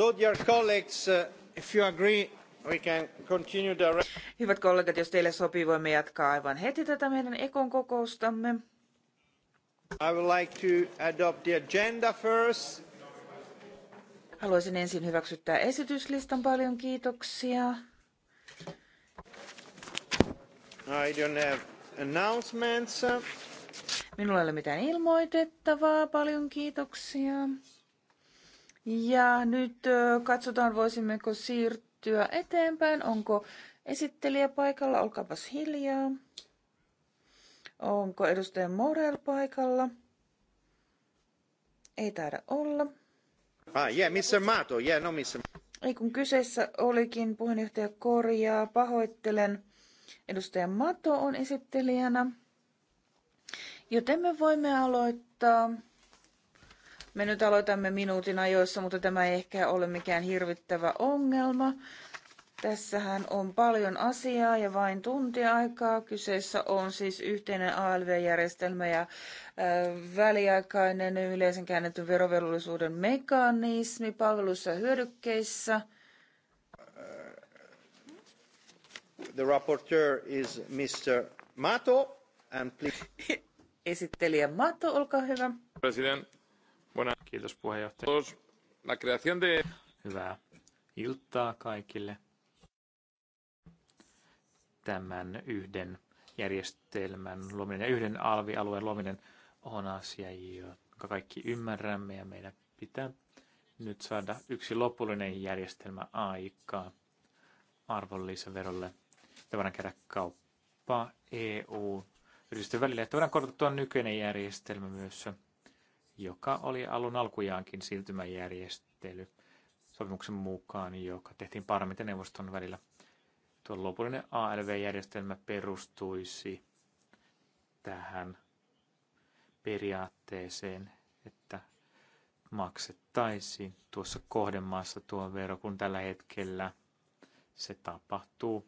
Uh, Hyvät kollegat, jos teille sopii, voimme jatkaa aivan heti tätä meidän ekon kokoustamme. I would like to adopt the agenda first. Haluaisin ensin hyväksyttää esityslistan. Paljon kiitoksia. I don't have announcements. Minulla ei ole mitään ilmoitettavaa. Paljon kiitoksia. Ja nyt katsotaan, voisimmeko siirtyä eteenpäin. Onko esittelijä paikalla? Olkaapas hiljaa. Onko edustaja Morel paikalla? Ei taida olla. Ah, yeah, Mr. Mato. Yeah, no, Mr. Ei kun kyseessä olikin puheenjohtaja korjaa, pahoittelen. Edustaja Mato on esittelijänä. Joten me voimme aloittaa me nyt aloitamme minuutin ajoissa, mutta tämä ei ehkä ole mikään hirvittävä ongelma. Tässähän on paljon asiaa ja vain tuntiaikaa. Kyseessä on siis yhteinen ALV-järjestelmä ja väliaikainen yleisen käännetyn verovelvollisuuden mekanismi palveluissa ja hyödykkeissä. The rapporteur is Mr. Mato. And please... Esittelijä Mato, olkaa hyvä. President. Kiitos puheenjohtaja. La creación de... Hyvää iltaa kaikille. Tämän yhden järjestelmän luominen ja yhden alvialueen luominen on asia, jonka kaikki ymmärrämme ja meidän pitää nyt saada yksi lopullinen järjestelmä aikaa arvonlisäverolle. Sitä voidaan käydä kauppaa EU-yritysten välillä, että voidaan korottaa nykyinen järjestelmä myös joka oli alun alkujaankin siirtymäjärjestely sopimuksen mukaan, joka tehtiin parlamentin neuvoston välillä. Tuo lopullinen ALV-järjestelmä perustuisi tähän periaatteeseen, että maksettaisiin tuossa kohdemaassa tuo vero, kun tällä hetkellä se tapahtuu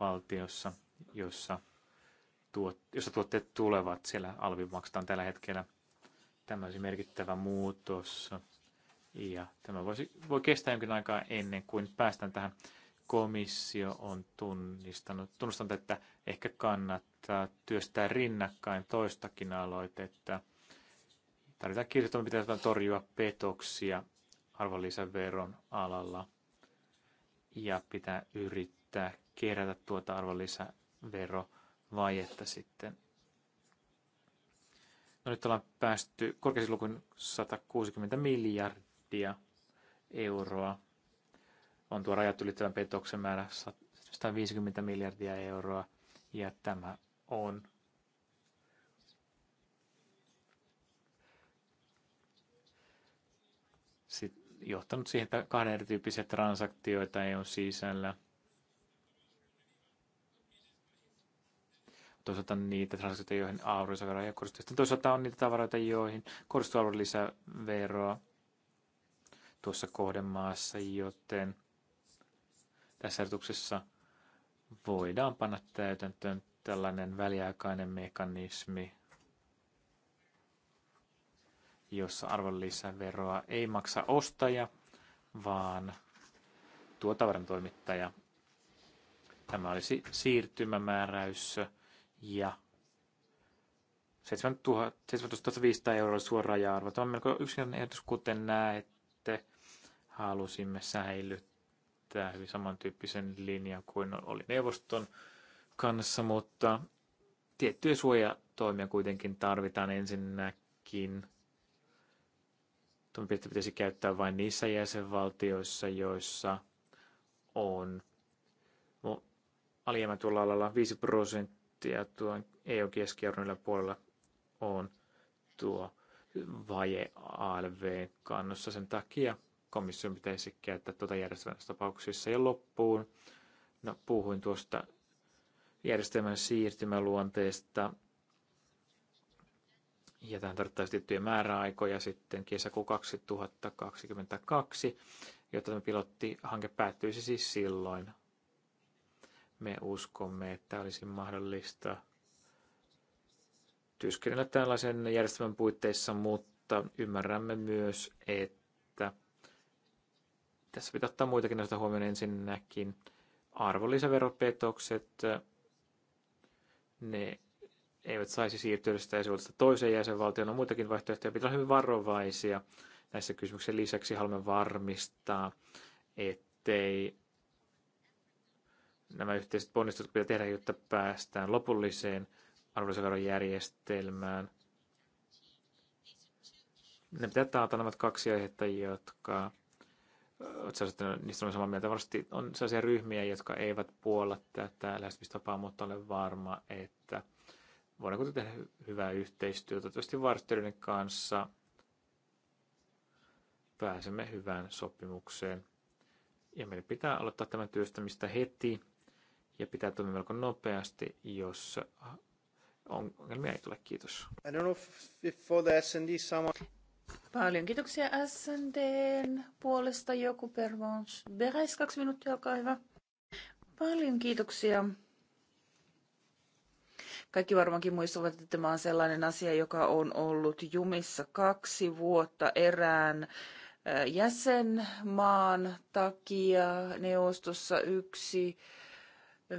valtiossa, jossa, tuot, jossa tuotteet tulevat. Siellä alvi maksetaan tällä hetkellä – Tämä olisi merkittävä muutos ja tämä voisi, voi kestää jonkin aikaa ennen kuin päästään tähän. Komissio on tunnistanut, tunnustanut, että ehkä kannattaa työstää rinnakkain toistakin aloitetta. Tarvitaan pitää torjua petoksia arvonlisäveron alalla ja pitää yrittää kerätä tuota arvonlisäverovajetta sitten No nyt ollaan päästy korkeisiin lukuun 160 miljardia euroa. On tuo rajat ylittävän petoksen määrä 150 miljardia euroa. Ja tämä on Sitten johtanut siihen, että kahden erityyppisiä transaktioita ole sisällä – toisaalta niitä transaktioita, joihin arvonlisäveroa ei kohdistu. Sitten toisaalta on niitä tavaroita, joihin kohdistuu lisäveroa tuossa kohdemaassa, joten tässä ehdotuksessa voidaan panna täytäntöön tällainen väliaikainen mekanismi, jossa arvonlisäveroa ei maksa ostaja, vaan tuo tavaran toimittaja. Tämä olisi siirtymämääräys ja 17 500 euroa suoraan ja arvo. Tämä on melko yksinkertainen ehdotus, kuten näette. Halusimme säilyttää hyvin samantyyppisen linjan kuin oli neuvoston kanssa, mutta tiettyjä suojatoimia kuitenkin tarvitaan ensinnäkin. Toimenpiteitä pitäisi käyttää vain niissä jäsenvaltioissa, joissa on alijäämä tuolla alalla 5 prosenttia prosenttia tuon EU-keskiarvon puolella on tuo vaje ALV-kannossa. Sen takia komission pitäisi käyttää tuota järjestelmässä tapauksissa ja loppuun. No, puhuin tuosta järjestelmän siirtymäluonteesta. Ja tähän tarvittaisiin tiettyjä määräaikoja sitten kesäkuun 2022, jotta tämä pilottihanke päättyisi siis silloin. Me uskomme, että olisi mahdollista työskennellä tällaisen järjestelmän puitteissa, mutta ymmärrämme myös, että tässä pitää ottaa muitakin näistä huomioon ensinnäkin. Arvonlisäveropetokset, ne eivät saisi siirtyä sitä esivuodesta toiseen jäsenvaltioon. On no, muitakin vaihtoehtoja, pitää olla hyvin varovaisia näissä kysymyksissä. Lisäksi haluamme varmistaa, ettei nämä yhteiset ponnistukset pitää tehdä, jotta päästään lopulliseen arvonlisäverojärjestelmään. Ne pitää taata nämä kaksi aihetta, jotka sitten, niistä on samaa mieltä. Varmasti on sellaisia ryhmiä, jotka eivät puolla tätä lähestymistapaa, mutta olen varma, että voidaanko tehdä hyvää yhteistyötä toivottavasti vartijoiden kanssa. Pääsemme hyvään sopimukseen. Ja meidän pitää aloittaa tämän työstämistä heti ja pitää toimia melko nopeasti, jos ongelmia ei tule. Kiitos. I don't know if for the S&D someone... Paljon kiitoksia SNDn puolesta. Joku pervons. Beres kaksi minuuttia, olkaa hyvä. Paljon kiitoksia. Kaikki varmaankin muistavat, että tämä on sellainen asia, joka on ollut jumissa kaksi vuotta erään äh, jäsenmaan takia neuvostossa yksi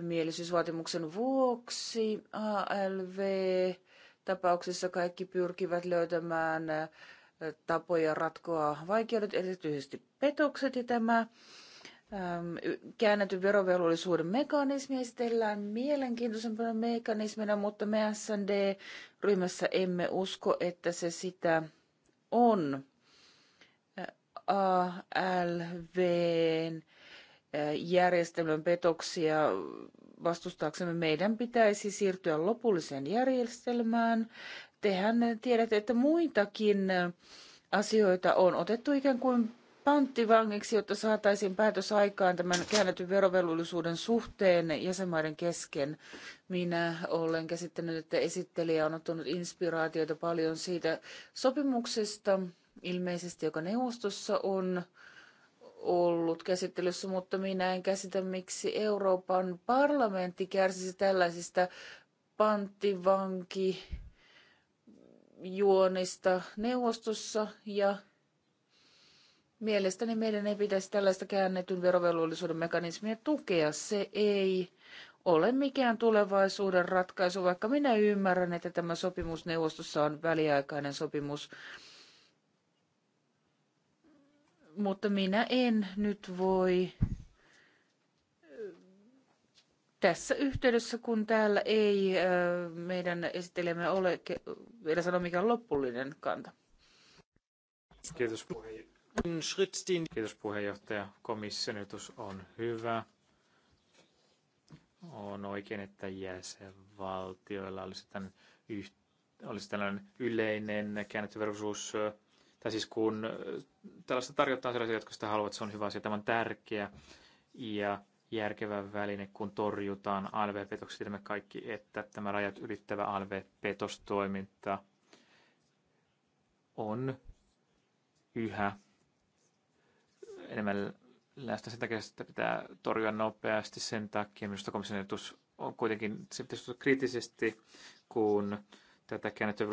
mielisyysvaatimuksen vuoksi ALV-tapauksessa kaikki pyrkivät löytämään tapoja ratkoa vaikeudet, erityisesti petokset ja tämä käännetty verovelvollisuuden mekanismi esitellään mielenkiintoisempana mekanismina, mutta me SND-ryhmässä emme usko, että se sitä on. ALVn järjestelmän petoksia vastustaaksemme meidän pitäisi siirtyä lopulliseen järjestelmään. Tehän tiedätte, että muitakin asioita on otettu ikään kuin panttivangiksi, jotta saataisiin päätös aikaan tämän käännetyn verovelvollisuuden suhteen jäsenmaiden kesken. Minä olen käsittänyt, että esittelijä on ottanut inspiraatiota paljon siitä sopimuksesta, ilmeisesti joka neuvostossa on ollut käsittelyssä, mutta minä en käsitä, miksi Euroopan parlamentti kärsisi tällaisista panttivanki juonista neuvostossa ja mielestäni meidän ei pitäisi tällaista käännetyn verovelvollisuuden mekanismia tukea. Se ei ole mikään tulevaisuuden ratkaisu, vaikka minä ymmärrän, että tämä sopimus neuvostossa on väliaikainen sopimus mutta minä en nyt voi tässä yhteydessä, kun täällä ei meidän esittelemme ole, vielä sano mikä on loppullinen kanta. Kiitos puheenjohtaja. Kiitos puheenjohtaja. Komissionetus on hyvä. On oikein, että jäsenvaltioilla olisi, tämän yht, olisi tällainen yleinen käännetty verkosuus tai siis kun äh, tällaista tarjotaan sellaisia, jotka sitä haluavat, se on hyvä asia, tämä on tärkeä ja järkevä väline, kun torjutaan ALV-petoksia. Tiedämme kaikki, että tämä rajat ylittävä ALV-petostoiminta on yhä enemmän läsnä sen takia, että pitää torjua nopeasti. Sen takia minusta komission ehdotus on kuitenkin, se pitäisi kriittisesti, kun tätä käännettyä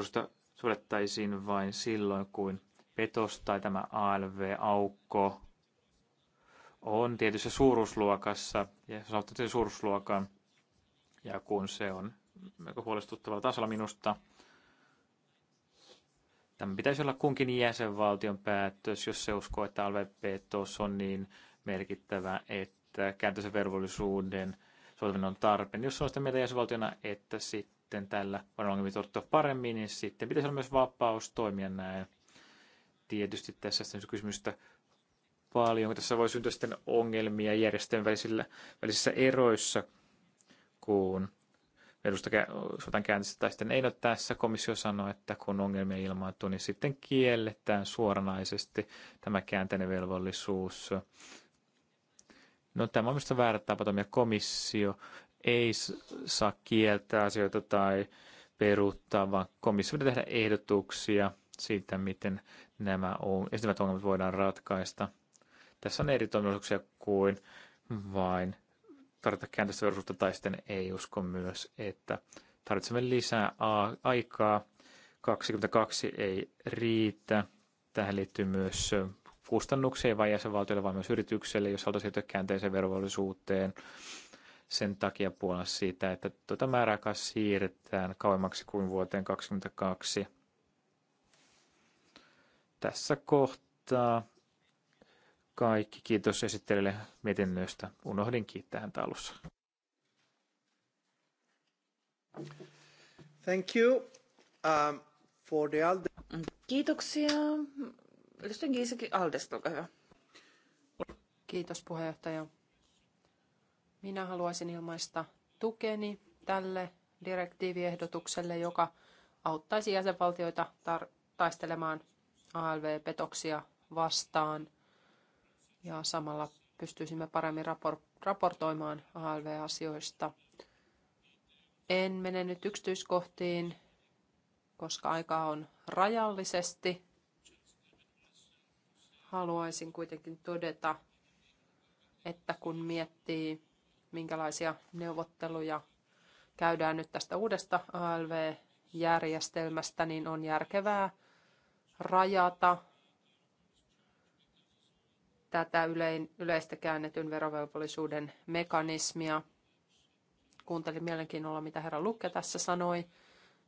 sovellettaisiin vain silloin, kun petos tai tämä ALV-aukko on tietyssä suuruusluokassa ja se tietysti suuruusluokan ja kun se on melko huolestuttavalla tasolla minusta, Tämä pitäisi olla kunkin jäsenvaltion päätös, jos se uskoo, että ALV-petos on niin merkittävä, että kääntöisen velvollisuuden soitaminen on tarpeen. Jos on sitä mieltä jäsenvaltiona, että sitten tällä on ongelmia paremmin, niin sitten pitäisi olla myös vapaus toimia näin tietysti tässä sitten kysymystä paljon. Tässä voi syntyä sitten ongelmia järjestöjen välisillä, välisissä eroissa, kun sotan käynnissä tai sitten ei ole tässä. Komissio sanoi, että kun ongelmia ilmaantuu, niin sitten kielletään suoranaisesti tämä käänteinen velvollisuus. No tämä on minusta väärä tapa toimia. Komissio ei saa kieltää asioita tai peruuttaa, vaan komissio pitää tehdä ehdotuksia siitä, miten nämä esimerkiksi ongelmat voidaan ratkaista. Tässä on eri toiminnallisuuksia kuin vain tarvita käänteistä tai sitten ei usko myös, että tarvitsemme lisää aikaa. 22 ei riitä. Tähän liittyy myös kustannuksia vai jäsenvaltioille, vaan myös yritykselle, jos halutaan siirtyä käänteiseen verovelvollisuuteen. Sen takia puolella siitä, että tuota määräaikaa siirretään kauemmaksi kuin vuoteen 2022 tässä kohtaa kaikki. Kiitos esittelijälle mietinnöistä. Unohdin kiittää häntä alussa. Thank you um, for the Alde. Kiitoksia. Edustaja Giisaki Aldesta, olkaa hyvä. Kiitos puheenjohtaja. Minä haluaisin ilmaista tukeni tälle direktiiviehdotukselle, joka auttaisi jäsenvaltioita taistelemaan ALV-petoksia vastaan ja samalla pystyisimme paremmin raportoimaan ALV-asioista. En mene nyt yksityiskohtiin, koska aikaa on rajallisesti. Haluaisin kuitenkin todeta, että kun miettii, minkälaisia neuvotteluja käydään nyt tästä uudesta ALV-järjestelmästä, niin on järkevää rajata tätä yleistä käännetyn verovelvollisuuden mekanismia. Kuuntelin mielenkiinnolla, mitä herra Lukke tässä sanoi,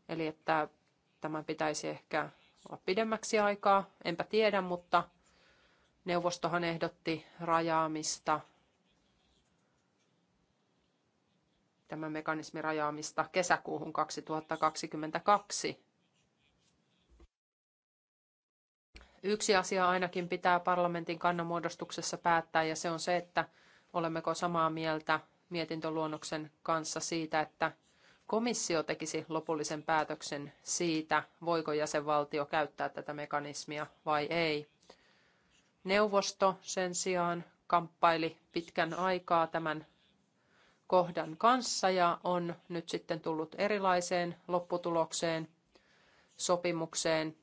eli että tämä pitäisi ehkä olla pidemmäksi aikaa. Enpä tiedä, mutta neuvostohan ehdotti rajaamista, tämä mekanismi rajaamista kesäkuuhun 2022. Yksi asia ainakin pitää parlamentin kannanmuodostuksessa päättää ja se on se, että olemmeko samaa mieltä mietintöluonnoksen kanssa siitä, että komissio tekisi lopullisen päätöksen siitä, voiko jäsenvaltio käyttää tätä mekanismia vai ei. Neuvosto sen sijaan kamppaili pitkän aikaa tämän kohdan kanssa ja on nyt sitten tullut erilaiseen lopputulokseen, sopimukseen,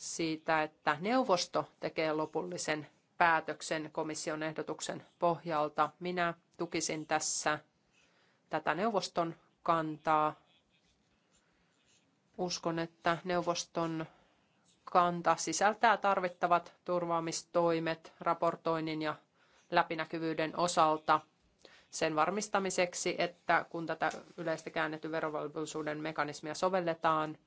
siitä, että neuvosto tekee lopullisen päätöksen komission ehdotuksen pohjalta. Minä tukisin tässä tätä neuvoston kantaa. Uskon, että neuvoston kanta sisältää tarvittavat turvaamistoimet raportoinnin ja läpinäkyvyyden osalta sen varmistamiseksi, että kun tätä yleistä käännetty verovelvollisuuden mekanismia sovelletaan,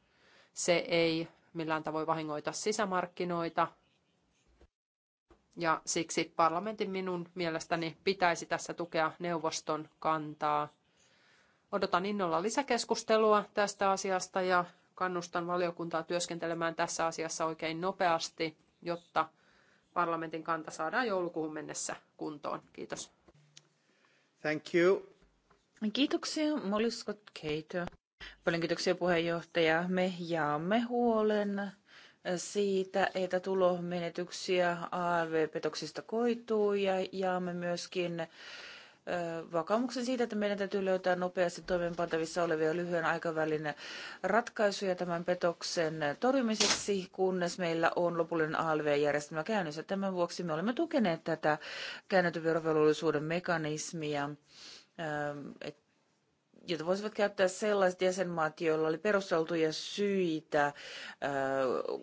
se ei millään tavoin vahingoita sisämarkkinoita. Ja siksi parlamentin minun mielestäni pitäisi tässä tukea neuvoston kantaa. Odotan innolla lisäkeskustelua tästä asiasta ja kannustan valiokuntaa työskentelemään tässä asiassa oikein nopeasti, jotta parlamentin kanta saadaan joulukuuhun mennessä kuntoon. Kiitos. Thank you. Kiitoksia, Molly Scott Cato. Paljon kiitoksia puheenjohtaja. Me jaamme huolen siitä, että tulomenetyksiä ALV-petoksista koituu ja jaamme myöskin vakaumuksen siitä, että meidän täytyy löytää nopeasti toimeenpantavissa olevia lyhyen aikavälin ratkaisuja tämän petoksen torjumiseksi, kunnes meillä on lopullinen ALV-järjestelmä käynnissä. Tämän vuoksi me olemme tukeneet tätä käännetyn verovelvollisuuden mekanismia, että jota voisivat käyttää sellaiset jäsenmaat, joilla oli perusteltuja syitä äh,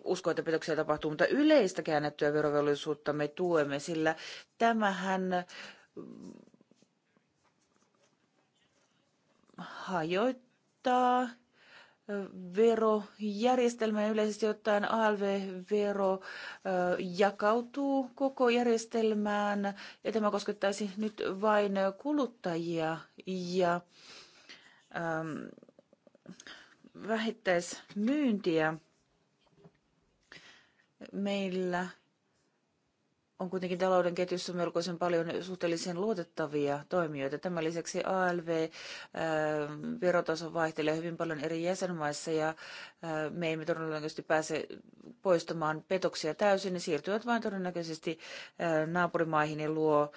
uskoa, että petoksia tapahtuu, mutta yleistä käännettyä verovelvollisuutta me tuemme, sillä tämähän mm, hajoittaa äh, verojärjestelmä yleisesti ottaen ALV-vero äh, jakautuu koko järjestelmään ja tämä koskettaisi nyt vain kuluttajia ja Ähm, vähittäismyyntiä. Meillä on kuitenkin talouden ketjussa melkoisen paljon suhteellisen luotettavia toimijoita. Tämän lisäksi ALV äh, verotaso vaihtelee hyvin paljon eri jäsenmaissa ja äh, me emme todennäköisesti pääse poistamaan petoksia täysin. Ne siirtyvät vain todennäköisesti äh, naapurimaihin ja luo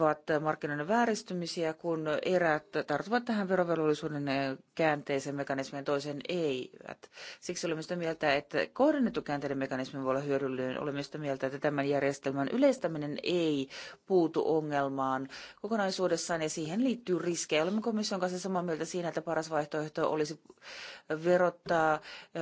ovat markkinoiden vääristymisiä, kun erät tarttuvat tähän verovelvollisuuden käänteisen mekanismin toisen eivät. Siksi olemme sitä mieltä, että kohdennettu käänteiden mekanismi voi olla hyödyllinen. Olemme sitä mieltä, että tämän järjestelmän yleistäminen ei puutu ongelmaan kokonaisuudessaan ja siihen liittyy riskejä. Olemme komission kanssa samaa mieltä siinä, että paras vaihtoehto olisi verottaa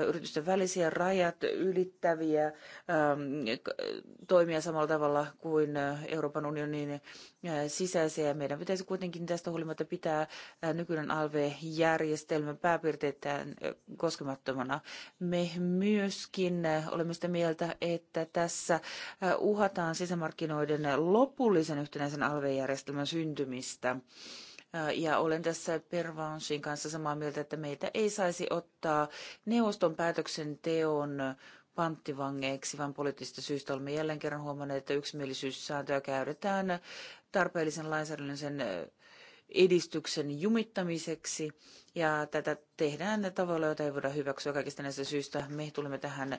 yritysten välisiä rajat ylittäviä ähm, toimia samalla tavalla kuin Euroopan unionin Äh, sisäisiä. Meidän pitäisi kuitenkin tästä huolimatta pitää äh, nykyinen ALV-järjestelmä pääpiirteittäin äh, koskemattomana. Me myöskin olemme sitä mieltä, että tässä uhataan sisämarkkinoiden lopullisen yhtenäisen ALV-järjestelmän syntymistä. Ja olen tässä Pervanshin kanssa samaa mieltä, että meitä ei saisi ottaa neuvoston päätöksenteon panttivangeiksi, vaan poliittisista syistä olemme jälleen kerran huomanneet, että yksimielisyyssääntöä käytetään tarpeellisen lainsäädännön edistyksen jumittamiseksi. Ja tätä tehdään tavalla, jota ei voida hyväksyä kaikista näistä syistä. Me tulemme tähän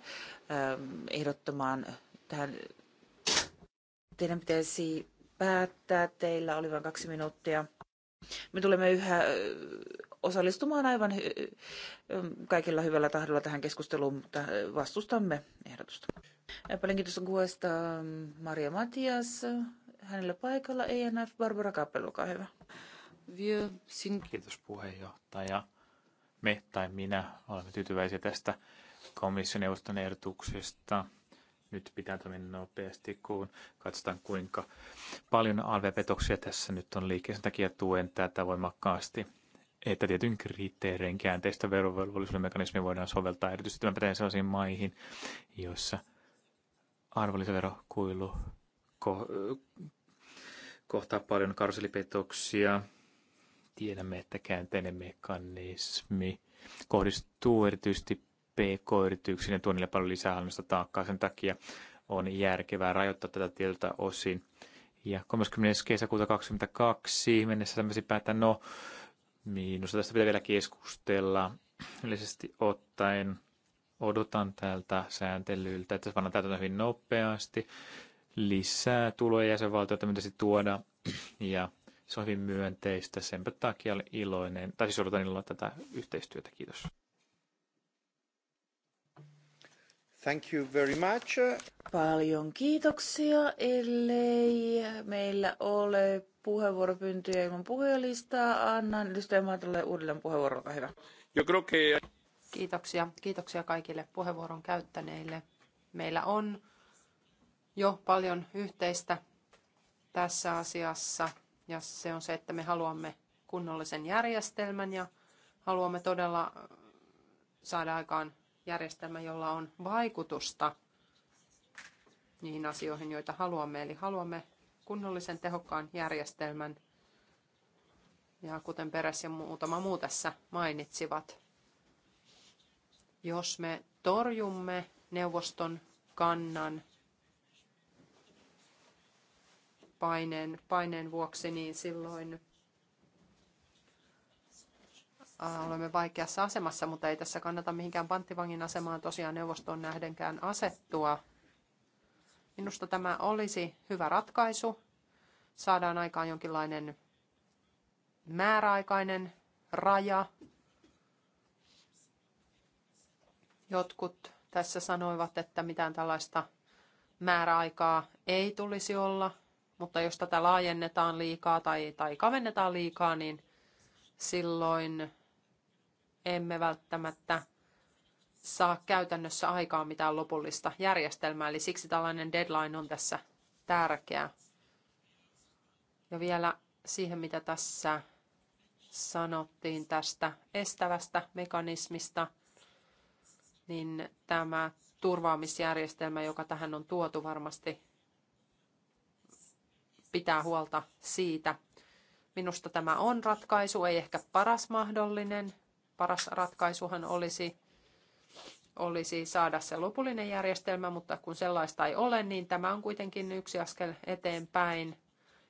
ehdottamaan, tähän teidän pitäisi päättää, teillä oli vain kaksi minuuttia. Me tulemme yhä osallistumaan aivan eh, eh, kaikilla hyvällä tahdolla tähän keskusteluun, mutta vastustamme ehdotusta. Paljon kiitos kuvasta Maria Matias, hänellä paikalla ENF Barbara Kappel, olkaa hyvä. Kiitos puheenjohtaja. Me tai minä olemme tyytyväisiä tästä komissioneuvoston ehdotuksesta nyt pitää toimia nopeasti, kun katsotaan kuinka paljon alvepetoksia tässä nyt on liikkeessä. Sen takia tuen tätä voimakkaasti että tietyn kriteerein käänteistä verovelvollisuuden mekanismia voidaan soveltaa. Erityisesti tämä pätee sellaisiin maihin, joissa arvonlisäverokuilu ko- kohtaa paljon karselipetoksia, Tiedämme, että käänteinen mekanismi kohdistuu erityisesti PK-yrityksiin ja tuo niille paljon lisähallinnosta taakkaa. Sen takia on järkevää rajoittaa tätä tieltä osin. Ja 30. kesäkuuta 2022 mennessä tämmöisiä päättää, no miinusta. tästä pitää vielä keskustella. Yleisesti ottaen odotan tältä sääntelyltä, että se pannaan täältä hyvin nopeasti. Lisää tuloja jäsenvaltioita se tuoda ja se on hyvin myönteistä. Senpä takia olen iloinen, tai siis odotan iloa tätä yhteistyötä. Kiitos. Thank you very much. Paljon kiitoksia, ellei meillä ole puheenvuoropyyntöjä ilman puhujalistaa. Annan edustaja Maatalle uudelleen puheenvuoron, olkaa hyvä. Kiitoksia. Kiitoksia kaikille puheenvuoron käyttäneille. Meillä on jo paljon yhteistä tässä asiassa ja se on se, että me haluamme kunnollisen järjestelmän ja haluamme todella äh, saada aikaan järjestelmä, jolla on vaikutusta niihin asioihin, joita haluamme. Eli haluamme kunnollisen tehokkaan järjestelmän, ja kuten Peräs ja muutama muu tässä mainitsivat. Jos me torjumme neuvoston kannan paineen, paineen vuoksi, niin silloin olemme vaikeassa asemassa, mutta ei tässä kannata mihinkään panttivangin asemaan tosiaan neuvostoon nähdenkään asettua. Minusta tämä olisi hyvä ratkaisu. Saadaan aikaan jonkinlainen määräaikainen raja. Jotkut tässä sanoivat, että mitään tällaista määräaikaa ei tulisi olla, mutta jos tätä laajennetaan liikaa tai, tai kavennetaan liikaa, niin silloin emme välttämättä saa käytännössä aikaan mitään lopullista järjestelmää, eli siksi tällainen deadline on tässä tärkeä. Ja vielä siihen, mitä tässä sanottiin tästä estävästä mekanismista, niin tämä turvaamisjärjestelmä, joka tähän on tuotu, varmasti pitää huolta siitä. Minusta tämä on ratkaisu, ei ehkä paras mahdollinen. Paras ratkaisuhan olisi olisi saada se lopullinen järjestelmä, mutta kun sellaista ei ole, niin tämä on kuitenkin yksi askel eteenpäin.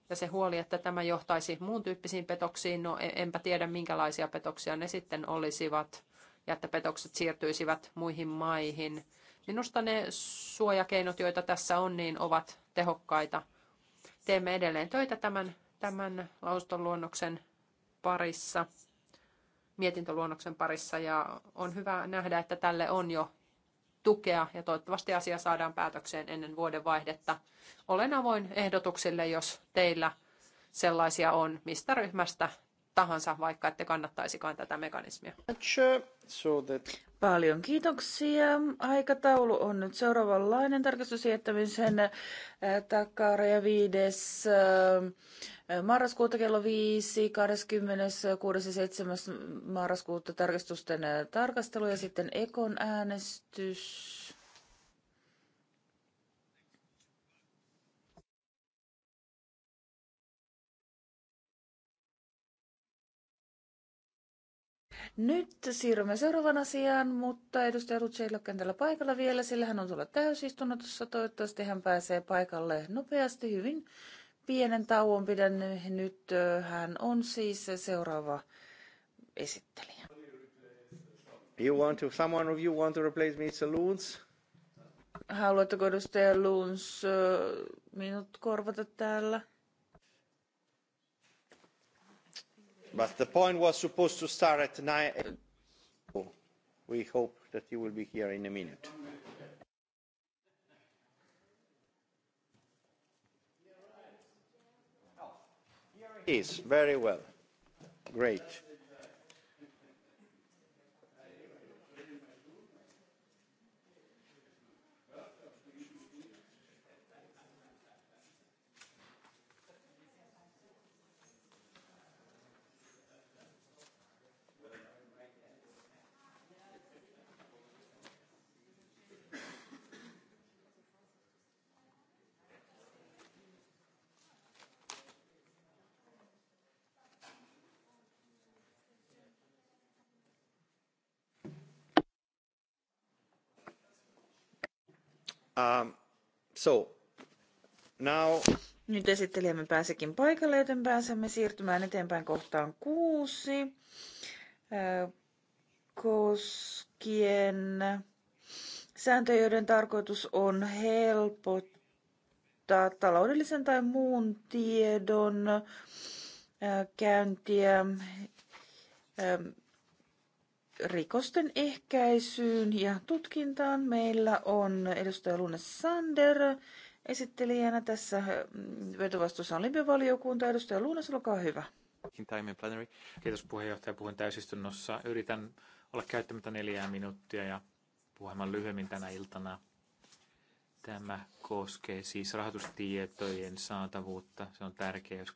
Ja se huoli, että tämä johtaisi muun tyyppisiin petoksiin, no e- enpä tiedä minkälaisia petoksia ne sitten olisivat ja että petokset siirtyisivät muihin maihin. Minusta ne suojakeinot, joita tässä on, niin ovat tehokkaita. Teemme edelleen töitä tämän, tämän luonnoksen parissa mietintöluonnoksen parissa ja on hyvä nähdä, että tälle on jo tukea ja toivottavasti asia saadaan päätökseen ennen vuoden vaihdetta. Olen avoin ehdotuksille, jos teillä sellaisia on, mistä ryhmästä tahansa, vaikka ette kannattaisikaan tätä mekanismia. Paljon kiitoksia. Aikataulu on nyt seuraavanlainen tarkastusjättämisen äh, takaraja 5. Äh, marraskuuta kello 5, 26. ja 7. marraskuuta tarkastusten äh, tarkastelu ja sitten Ekon äänestys Nyt siirrymme seuraavaan asiaan, mutta edustaja Rutsi ei ole kentällä paikalla vielä, sillä hän on tuolla täysistunnossa. Toivottavasti hän pääsee paikalle nopeasti. Hyvin pienen tauon pidän nyt. Hän on siis seuraava esittelijä. You want to, someone of you want to replace Mr. Loons? Haluatteko edustaja Loons minut korvata täällä? But the point was supposed to start at nine. We hope that you will be here in a minute. Is very well. Great. Um, so, now... Nyt esittelemme pääsekin paikalle, joten pääsemme siirtymään eteenpäin kohtaan kuusi koskien sääntöjä, joiden tarkoitus on helpottaa taloudellisen tai muun tiedon käyntiä rikosten ehkäisyyn ja tutkintaan. Meillä on edustaja Lune Sander esittelijänä tässä. Mm, vetovastuussa on libe Edustaja Luunas, olkaa hyvä. Kiitos puheenjohtaja. Puhun täysistunnossa. Yritän olla käyttämättä neljää minuuttia ja puhumaan lyhyemmin tänä iltana. Tämä koskee siis rahoitustietojen saatavuutta. Se on tärkeää, jos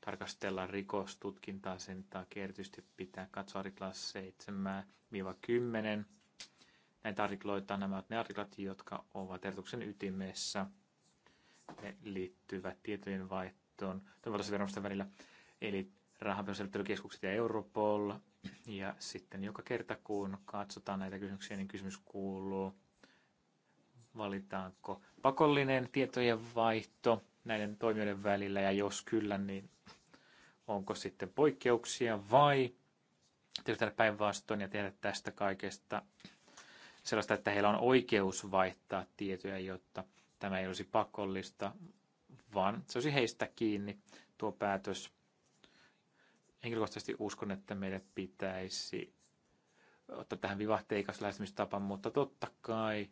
tarkastellaan rikostutkintaa, sen takia erityisesti pitää katsoa artiklaa 7-10. Näitä artikloita, nämä ovat ne artiklat, jotka ovat ehdotuksen ytimessä. Ne liittyvät tietojen vaihtoon toimivaltaisen välillä, eli rahanpesuselittelykeskukset ja Europol. Ja sitten joka kerta, kun katsotaan näitä kysymyksiä, niin kysymys kuuluu, valitaanko pakollinen tietojen vaihto näiden toimijoiden välillä, ja jos kyllä, niin onko sitten poikkeuksia vai tietysti tehdä päinvastoin ja tehdä tästä kaikesta sellaista, että heillä on oikeus vaihtaa tietoja, jotta tämä ei olisi pakollista, vaan se olisi heistä kiinni tuo päätös. Henkilökohtaisesti uskon, että meidän pitäisi ottaa tähän vivahteikas lähestymistapa, mutta totta kai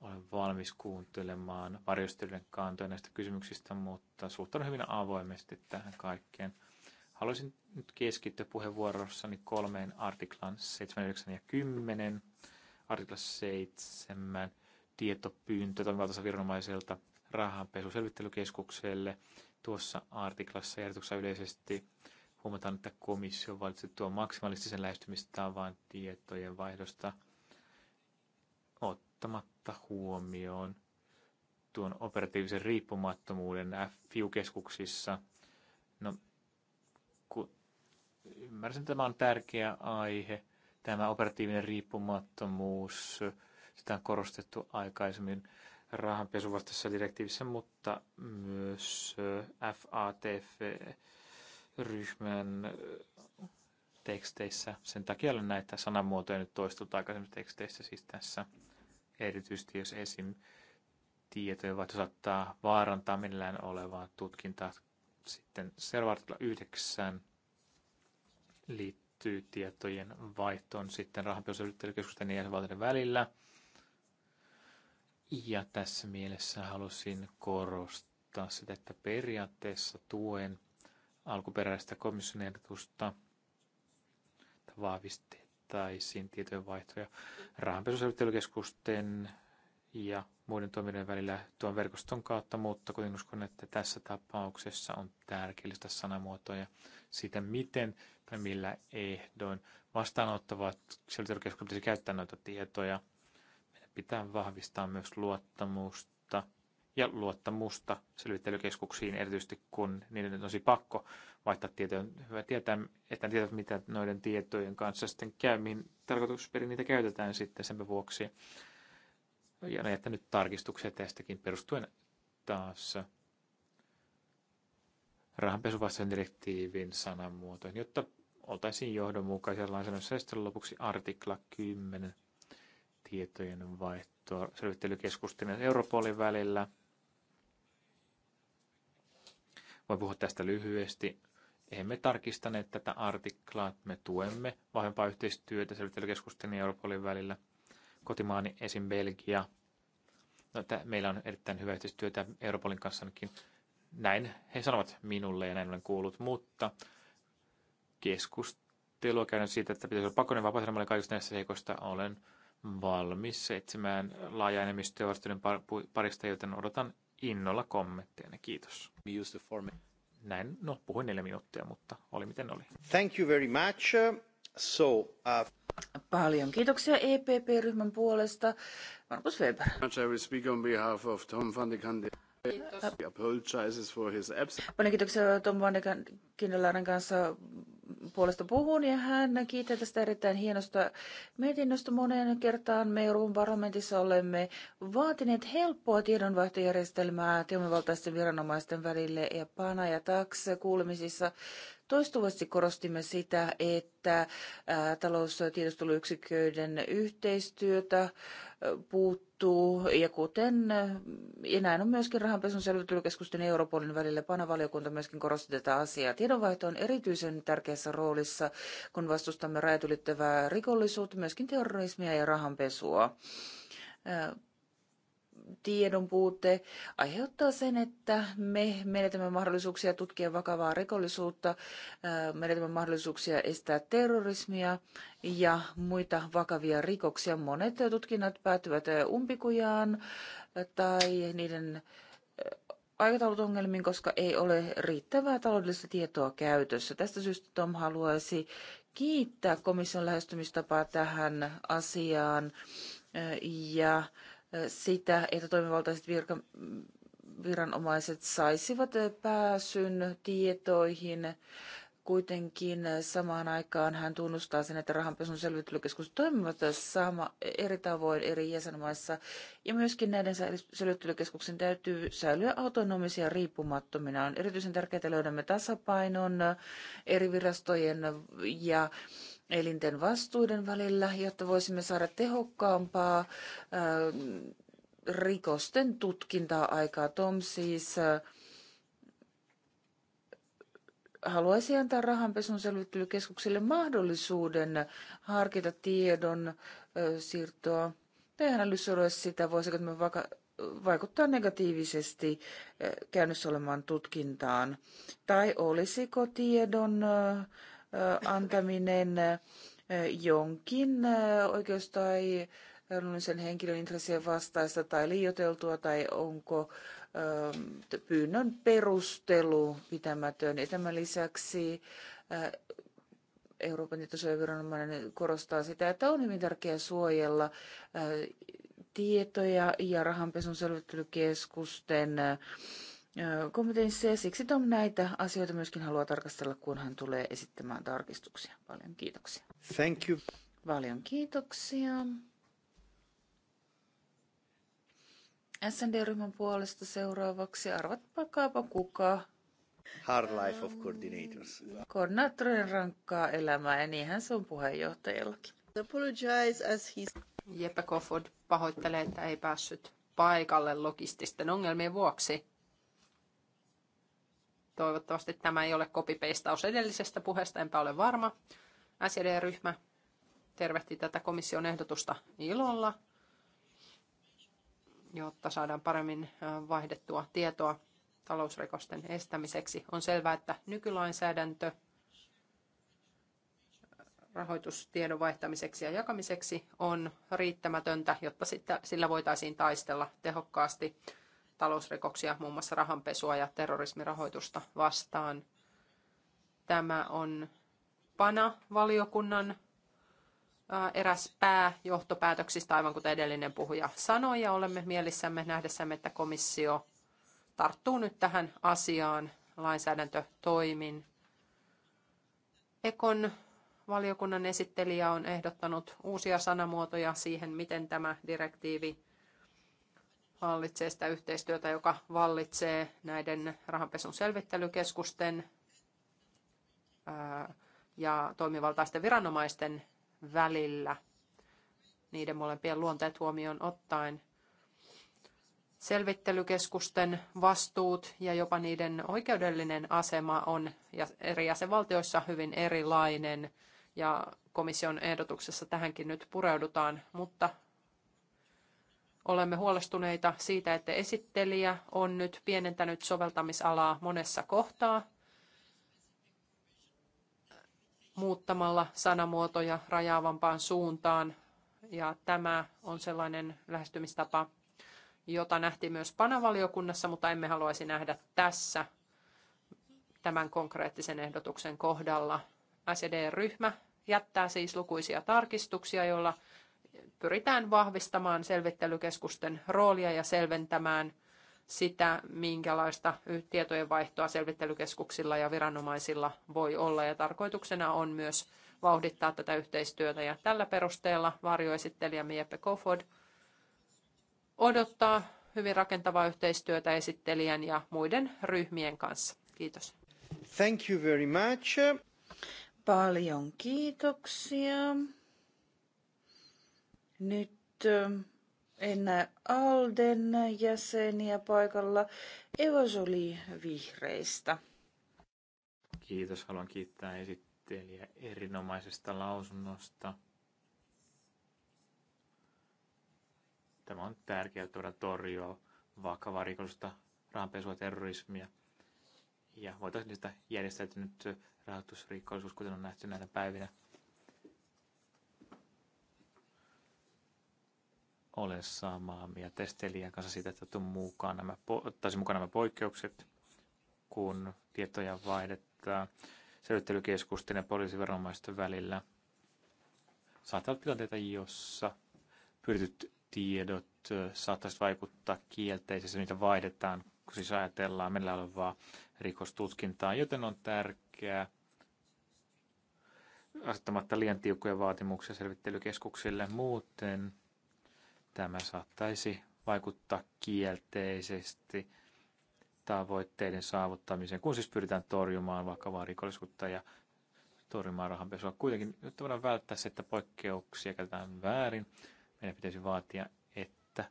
olen valmis kuuntelemaan varjostelujen kantoja näistä kysymyksistä, mutta suhtaudun hyvin avoimesti tähän kaikkeen. Haluaisin nyt keskittyä puheenvuorossani kolmeen artiklan, 7, 9 ja 10. Artikla 7 tietopyyntö toimivaltaisen viranomaiselta rahanpesuselvittelykeskukselle. Tuossa artiklassa järjestyksessä yleisesti huomataan, että komissio valitsi tuon maksimalistisen lähestymistavan tietojen vaihdosta ottamatta huomioon tuon operatiivisen riippumattomuuden FIU-keskuksissa. No, kun ymmärsin, että tämä on tärkeä aihe, tämä operatiivinen riippumattomuus, sitä on korostettu aikaisemmin rahanpesuvastaisessa direktiivissä, mutta myös äh, FATF-ryhmän äh, teksteissä. Sen takia näitä sanamuotoja nyt toistunut aikaisemmissa teksteissä siis tässä – erityisesti jos esim. tietoja vaihto saattaa vaarantaa millään olevaa tutkintaa. Sitten seuraava artikla 9 liittyy tietojen vaihtoon sitten rahanpesuselvittelykeskusten ja jäsenvaltioiden välillä. Ja tässä mielessä halusin korostaa sitä, että periaatteessa tuen alkuperäistä komission ehdotusta vahvistettiin parannettaisiin tietojenvaihtoja rahanpesuselvittelykeskusten ja muiden toimijoiden välillä tuon verkoston kautta, mutta kuten uskon, että tässä tapauksessa on tärkeellistä sanamuotoja siitä, miten tai millä ehdoin vastaanottavat selvittelykeskukset pitäisi käyttää noita tietoja. Meidän pitää vahvistaa myös luottamusta ja luottamusta selvittelykeskuksiin, erityisesti kun niiden on tosi pakko vaihtaa tietoja. Hyvä tietää, että ne tietävät, mitä noiden tietojen kanssa sitten käy, mihin tarkoitusperin niitä käytetään sitten sen vuoksi. Ja ne jättänyt tarkistuksia tästäkin perustuen taas rahanpesuvastaisen direktiivin sanamuotoihin, jotta oltaisiin johdonmukaisia lainsäädännössä ja sitten lopuksi artikla 10 tietojen vaihtoa selvittelykeskusten ja Europolin välillä. Voin puhua tästä lyhyesti. Emme tarkistaneet tätä artiklaa. Me tuemme vahvempaa yhteistyötä selvittelykeskusten ja Europolin välillä. Kotimaani esim. Belgia. No, että meillä on erittäin hyvä yhteistyötä Europolin kanssa ainakin. Näin he sanovat minulle ja näin olen kuullut, mutta keskustelua käydään siitä, että pitäisi olla pakollinen vapaa kaikista näistä seikoista. Olen valmis etsimään laaja enemmistöä parista, joten odotan innolla kommentteja. Niin kiitos. Näin, no puhuin neljä minuuttia, mutta oli miten oli. Thank you very much. So, uh... Paljon kiitoksia EPP-ryhmän puolesta. Markus Weber. I will speak on behalf of Tom van de Kande. Kiitos. Paljon kiitoksia Tom Vannekindelainen kanssa puolesta puhun ja hän kiittää tästä erittäin hienosta mietinnöstä moneen kertaan. Me Euroopan parlamentissa olemme vaatineet helppoa tiedonvaihtojärjestelmää työvoimavaltaisten viranomaisten välille ja pana ja taakse kuulemisissa Toistuvasti korostimme sitä, että taloustiedusteluyksiköiden yhteistyötä puuttuu, ja kuten, ja näin on myöskin rahanpesun selvittelykeskusten Europolin välillä, panavaliokunta myöskin korosti tätä asiaa. Tiedonvaihto on erityisen tärkeässä roolissa, kun vastustamme rajat ylittävää rikollisuutta, myöskin terrorismia ja rahanpesua tiedon puute aiheuttaa sen, että me menetämme mahdollisuuksia tutkia vakavaa rikollisuutta, menetämme mahdollisuuksia estää terrorismia ja muita vakavia rikoksia. Monet tutkinnat päätyvät umpikujaan tai niiden aikataulut ongelmiin, koska ei ole riittävää taloudellista tietoa käytössä. Tästä syystä Tom haluaisi kiittää komission lähestymistapaa tähän asiaan ja sitä, että toimivaltaiset virka, viranomaiset saisivat pääsyn tietoihin. Kuitenkin samaan aikaan hän tunnustaa sen, että rahanpesun selvittelykeskus toimivat sama, eri tavoin eri jäsenmaissa. Ja myöskin näiden selvittelykeskuksen täytyy säilyä autonomisia riippumattomina. On erityisen tärkeää, että löydämme tasapainon eri virastojen ja elinten vastuiden välillä, jotta voisimme saada tehokkaampaa äh, rikosten tutkintaa aikaa. Tom siis äh, haluaisi antaa rahanpesun selvittelykeskukselle mahdollisuuden harkita tiedon äh, siirtoa tai analysoida sitä, voisiko tämä vaikuttaa negatiivisesti käynnissä olemaan tutkintaan, tai olisiko tiedon antaminen jonkin oikeus- tai luonnollisen henkilön intressien vastaista tai liioteltua tai onko pyynnön perustelu pitämätön. Ja tämän lisäksi Euroopan tietosuojaviranomainen korostaa sitä, että on hyvin tärkeää suojella tietoja ja rahanpesun selvittelykeskusten kompetensseja. Siksi Tom näitä asioita myöskin haluaa tarkastella, kun hän tulee esittämään tarkistuksia. Paljon kiitoksia. Thank you. Paljon kiitoksia. SND-ryhmän puolesta seuraavaksi arvatkaapa kuka. Hard life of coordinators. Koordinaattorin rankkaa elämää ja niinhän se on puheenjohtajallakin. Apologize as he's... Jeppe Kofod pahoittelee, että ei päässyt paikalle logististen ongelmien vuoksi. Toivottavasti tämä ei ole kopipeistaus edellisestä puheesta, enpä ole varma. SED-ryhmä tervehti tätä komission ehdotusta ilolla, jotta saadaan paremmin vaihdettua tietoa talousrikosten estämiseksi. On selvää, että nykylainsäädäntö rahoitustiedon vaihtamiseksi ja jakamiseksi on riittämätöntä, jotta sillä voitaisiin taistella tehokkaasti talousrikoksia, muun muassa rahanpesua ja terrorismirahoitusta vastaan. Tämä on PANA-valiokunnan eräs pääjohtopäätöksistä, aivan kuten edellinen puhuja sanoi, ja olemme mielissämme nähdessämme, että komissio tarttuu nyt tähän asiaan lainsäädäntötoimin. Ekon valiokunnan esittelijä on ehdottanut uusia sanamuotoja siihen, miten tämä direktiivi hallitsee sitä yhteistyötä, joka vallitsee näiden rahanpesun selvittelykeskusten ja toimivaltaisten viranomaisten välillä niiden molempien luonteet huomioon ottaen. Selvittelykeskusten vastuut ja jopa niiden oikeudellinen asema on eri jäsenvaltioissa hyvin erilainen ja komission ehdotuksessa tähänkin nyt pureudutaan, mutta Olemme huolestuneita siitä, että esittelijä on nyt pienentänyt soveltamisalaa monessa kohtaa muuttamalla sanamuotoja rajaavampaan suuntaan. Ja tämä on sellainen lähestymistapa, jota nähtiin myös panavaliokunnassa, mutta emme haluaisi nähdä tässä tämän konkreettisen ehdotuksen kohdalla. SED-ryhmä jättää siis lukuisia tarkistuksia, joilla pyritään vahvistamaan selvittelykeskusten roolia ja selventämään sitä, minkälaista tietojenvaihtoa selvittelykeskuksilla ja viranomaisilla voi olla. Ja tarkoituksena on myös vauhdittaa tätä yhteistyötä. Ja tällä perusteella varjoesittelijämme Jeppe Kofod odottaa hyvin rakentavaa yhteistyötä esittelijän ja muiden ryhmien kanssa. Kiitos. Thank you very much. Paljon kiitoksia. Nyt ähm, en näe Alden jäseniä paikalla. Evosoli vihreistä. Kiitos. Haluan kiittää esittelijä erinomaisesta lausunnosta. Tämä on tärkeää tuoda torjua vakavaa rikollista rahanpesua, terrorismia. Ja voitaisiin sitä järjestäytynyt rahoitusrikollisuus, kuten on nähty näinä päivinä, ole samaa mieltä estelijän kanssa siitä, että mukaan nämä, ottaisi mukaan nämä poikkeukset, kun tietoja vaihdetaan selvittelykeskusten ja poliisiviranomaisten välillä. Saattaa olla tilanteita, jossa pyrityt tiedot saattaisivat vaikuttaa kielteisesti, niitä vaihdetaan, kun siis ajatellaan meillä olevaa rikostutkintaa, joten on tärkeää asettamatta liian tiukkoja vaatimuksia selvittelykeskuksille muuten – Tämä saattaisi vaikuttaa kielteisesti tavoitteiden saavuttamiseen, kun siis pyritään torjumaan vakavaa rikollisuutta ja torjumaan rahanpesua. Kuitenkin nyt voidaan välttää se, että poikkeuksia käytetään väärin. Meidän pitäisi vaatia, että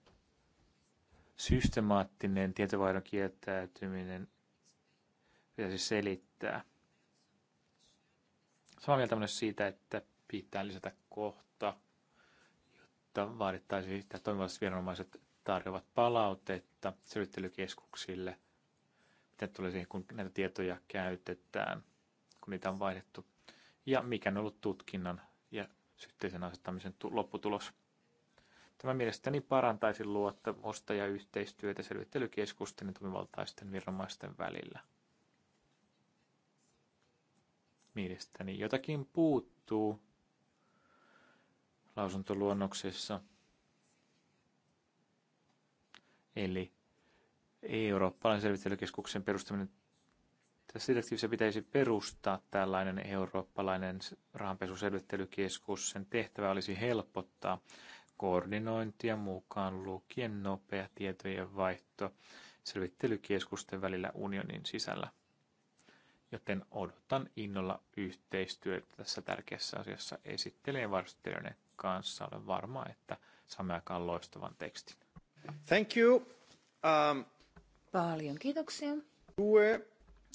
systemaattinen tietovaihdon kieltäytyminen pitäisi selittää. Samaa mieltä myös siitä, että pitää lisätä kohta jotta vaadittaisiin sitä toimivat viranomaiset tarjoavat palautetta selvittelykeskuksille, mitä tulee siihen, kun näitä tietoja käytetään, kun niitä on vaihdettu, ja mikä on ollut tutkinnan ja syytteisen asettamisen lopputulos. Tämä mielestäni parantaisi luottamusta ja yhteistyötä selvittelykeskusten ja toimivaltaisten viranomaisten välillä. Mielestäni jotakin puuttuu lausuntoluonnoksessa. Eli eurooppalainen selvittelykeskuksen perustaminen tässä direktiivissä pitäisi perustaa tällainen eurooppalainen rahanpesuselvittelykeskus. Sen tehtävä olisi helpottaa koordinointia mukaan lukien nopea tietojen vaihto selvittelykeskusten välillä unionin sisällä. Joten odotan innolla yhteistyötä tässä tärkeässä asiassa esittelee varustelijoiden kanssa. Olen varma, että saamme aikaan loistavan tekstin. Thank you. Um... Paljon kiitoksia. Due.